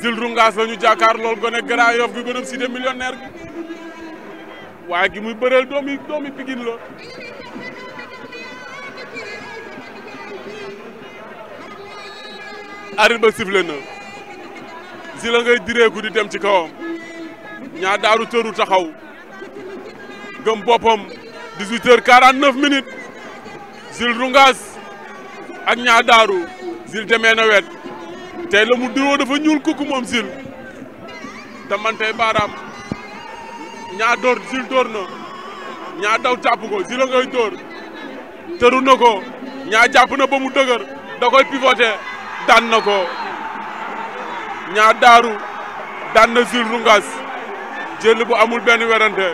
Jules Rungaas la ñu jàkkaar lool gone Grand Yoff gi gënëm cité millionnaire gi waaye gi muy bëreel doomi doomi Pikine la arbitre ba sifflé na Jules a ngay direeku di dem ci kawam ñaa daaru tëru taxaw gëm boppam 18 heures 49 minutes Jules Rungaas ak ñaa daaru zil demee na wet tey la mu diwoo dafa ñuul kukku moom zil daman tey ñaa door zil door ñaa daw jàpp ko zil tëru na ko ñaa jàpp na ba mu dëgër da koy daan na ko ñaa daaru daan na zil rungas jël bu amul benn werante